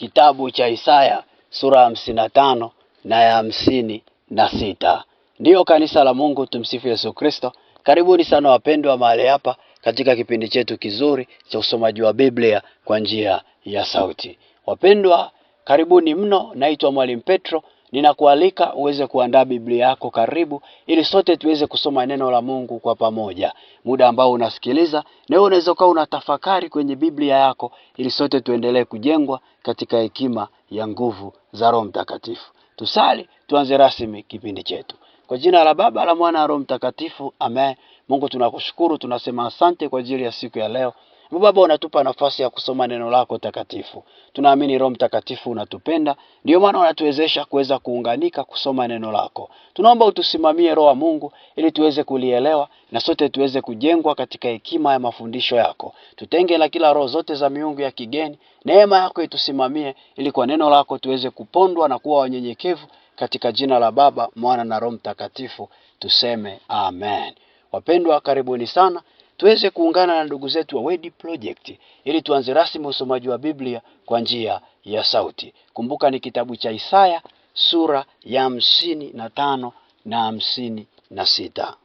kitabu cha Isaya sura ya hamsini na tano na ya hamsini na sita. Ndiyo kanisa la Mungu, tumsifu Yesu Kristo. Karibuni sana wapendwa mahali hapa katika kipindi chetu kizuri cha usomaji wa Biblia kwa njia ya sauti. Wapendwa, karibuni mno. Naitwa Mwalimu Petro, ninakualika uweze kuandaa Biblia yako karibu, ili sote tuweze kusoma neno la Mungu kwa pamoja muda ambao unasikiliza, na wewe unaweza ukawa unatafakari kwenye Biblia yako, ili sote tuendelee kujengwa katika hekima ya nguvu za Roho Mtakatifu. Tusali, tuanze rasmi kipindi chetu. Kwa jina la Baba la Mwana na Roho Mtakatifu, amen. Mungu tunakushukuru, tunasema asante kwa ajili ya siku ya leo. Baba, unatupa nafasi ya kusoma neno lako takatifu. Tunaamini Roho Mtakatifu unatupenda, ndio maana unatuwezesha kuweza kuunganika kusoma neno lako. Tunaomba utusimamie Roho wa Mungu ili tuweze kulielewa na sote tuweze kujengwa katika hekima ya mafundisho yako. Tutenge la kila roho zote za miungu ya kigeni. Neema yako itusimamie ili kwa neno lako tuweze kupondwa na kuwa wanyenyekevu katika jina la Baba, Mwana na Roho Mtakatifu tuseme amen. Wapendwa, karibuni sana tuweze kuungana na ndugu zetu wa Word Project ili tuanze rasmi usomaji wa Biblia kwa njia ya sauti. Kumbuka ni kitabu cha Isaya sura ya hamsini na tano na hamsini na sita.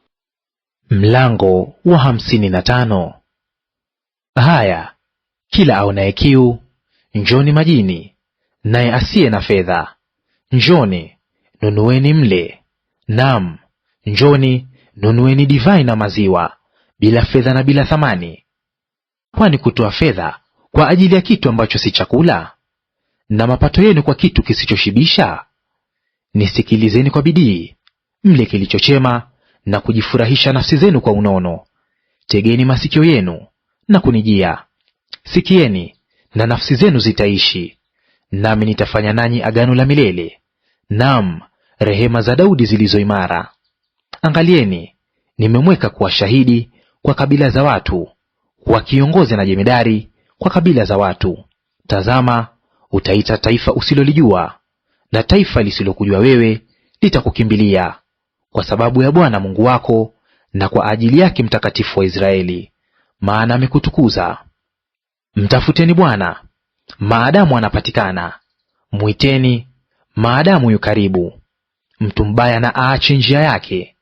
Mlango wa hamsini na tano. Haya, kila aonaye kiu njoni majini, naye asiye na fedha njoni nunueni mle, nam njoni nunueni divai na maziwa bila fedha na bila thamani. Kwani kutoa fedha kwa ajili ya kitu ambacho si chakula, na mapato yenu kwa kitu kisichoshibisha? Nisikilizeni kwa bidii, mle kilicho chema, na kujifurahisha nafsi zenu kwa unono. Tegeni masikio yenu na kunijia, sikieni, na nafsi zenu zitaishi, nami nitafanya nanyi agano la milele, naam, rehema za Daudi zilizo imara. Angalieni, nimemweka kuwa shahidi kwa kabila za watu, wakiongoze na jemedari kwa kabila za watu. Tazama, utaita taifa usilolijua, na taifa lisilokujua wewe litakukimbilia, kwa sababu ya Bwana Mungu wako na kwa ajili yake Mtakatifu wa Israeli, maana amekutukuza. Mtafuteni Bwana maadamu anapatikana, mwiteni maadamu yu karibu. Mtu mbaya na aache njia yake,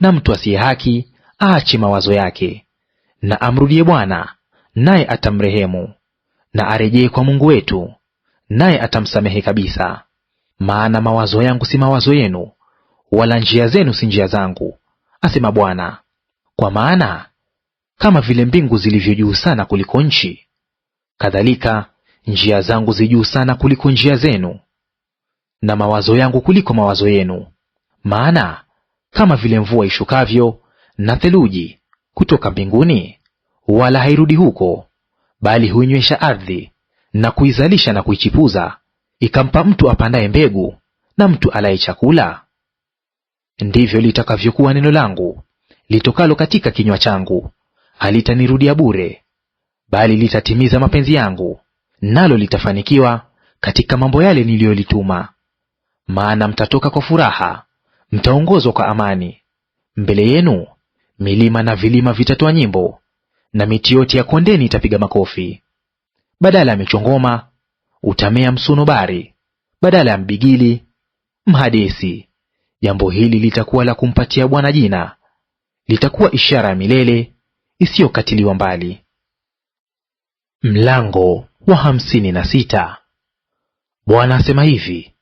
na mtu asiye haki aache mawazo yake, na amrudie Bwana, naye atamrehemu, na arejee kwa Mungu wetu, naye atamsamehe kabisa. Maana mawazo yangu si mawazo yenu, wala njia zenu si njia zangu, asema Bwana. Kwa maana kama vile mbingu zilivyo juu sana kuliko nchi, kadhalika njia zangu zi juu sana kuliko njia zenu, na mawazo yangu kuliko mawazo yenu. Maana kama vile mvua ishukavyo na theluji kutoka mbinguni, wala hairudi huko, bali huinywesha ardhi na kuizalisha na kuichipuza, ikampa mtu apandaye mbegu na mtu alaye chakula, ndivyo litakavyokuwa neno langu litokalo katika kinywa changu; halitanirudia bure, bali litatimiza mapenzi yangu, nalo litafanikiwa katika mambo yale niliyolituma. Maana mtatoka kwa furaha, mtaongozwa kwa amani; mbele yenu milima na vilima vitatoa nyimbo, na miti yote ya kondeni itapiga makofi. Badala ya michongoma utamea msunobari, badala ya mbigili mhadesi. Jambo hili litakuwa la kumpatia Bwana jina, litakuwa ishara ya milele isiyokatiliwa mbali. Mlango wa hamsini na sita. Bwana asema hivi: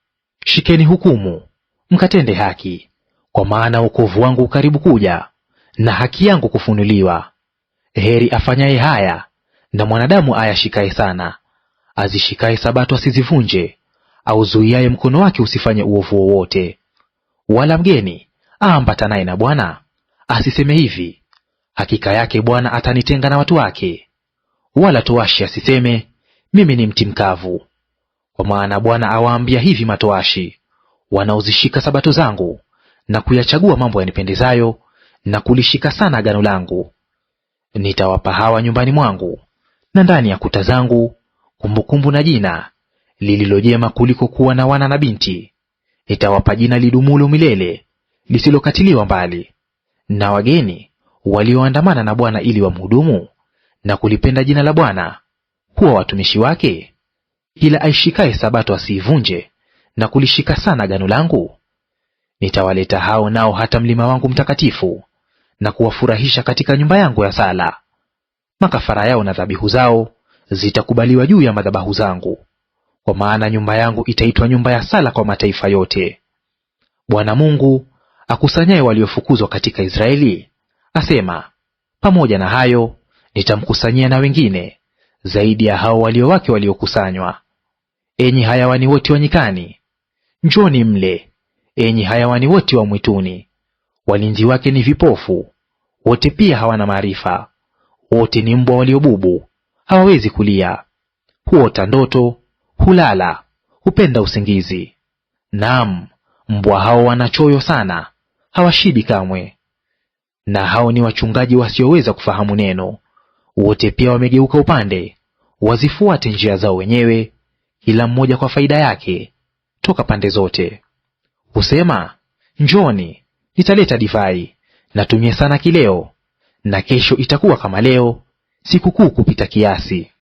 Shikeni hukumu, mkatende haki, kwa maana wokovu wangu karibu kuja, na haki yangu kufunuliwa. Heri afanyaye haya na mwanadamu ayashikaye sana, azishikaye sabato asizivunje, auzuiaye mkono wake usifanye uovu wowote. Wala mgeni aambatanaye na Bwana asiseme hivi, hakika yake Bwana atanitenga na watu wake, wala toashi asiseme mimi ni mti mkavu. Kwa maana Bwana awaambia hivi matoashi wanaozishika sabato zangu na kuyachagua mambo yanipendezayo na kulishika sana agano langu. Nitawapa hawa nyumbani mwangu na ndani ya kuta zangu kumbukumbu na jina lililojema kuliko kuwa na wana na binti. Nitawapa jina lidumulo milele lisilokatiliwa mbali. Na wageni walioandamana na Bwana ili wamhudumu na kulipenda jina la Bwana kuwa watumishi wake, kila aishikaye sabato asiivunje na kulishika sana agano langu, nitawaleta hao nao hata mlima wangu mtakatifu na kuwafurahisha katika nyumba yangu ya sala. Makafara yao na dhabihu zao zitakubaliwa juu ya madhabahu zangu, kwa maana nyumba yangu itaitwa nyumba ya sala kwa mataifa yote. Bwana Mungu akusanyaye waliofukuzwa katika Israeli asema, pamoja na hayo nitamkusanyia na wengine zaidi ya hao walio wake waliokusanywa. Enyi hayawani wote wa nyikani, njoni mle; enyi hayawani wote wa mwituni, Walinzi wake ni vipofu, wote pia hawana maarifa; wote ni mbwa waliobubu, hawawezi kulia. Huota ndoto, hulala, hupenda usingizi. Naam, mbwa hao wana choyo sana, hawashibi kamwe. Na hao ni wachungaji wasioweza kufahamu neno; wote pia wamegeuka upande, wazifuate njia zao wenyewe, kila mmoja kwa faida yake toka pande zote. Husema, Njoni, nitaleta divai, natumie sana kileo, na kesho itakuwa kama leo, sikukuu kupita kiasi.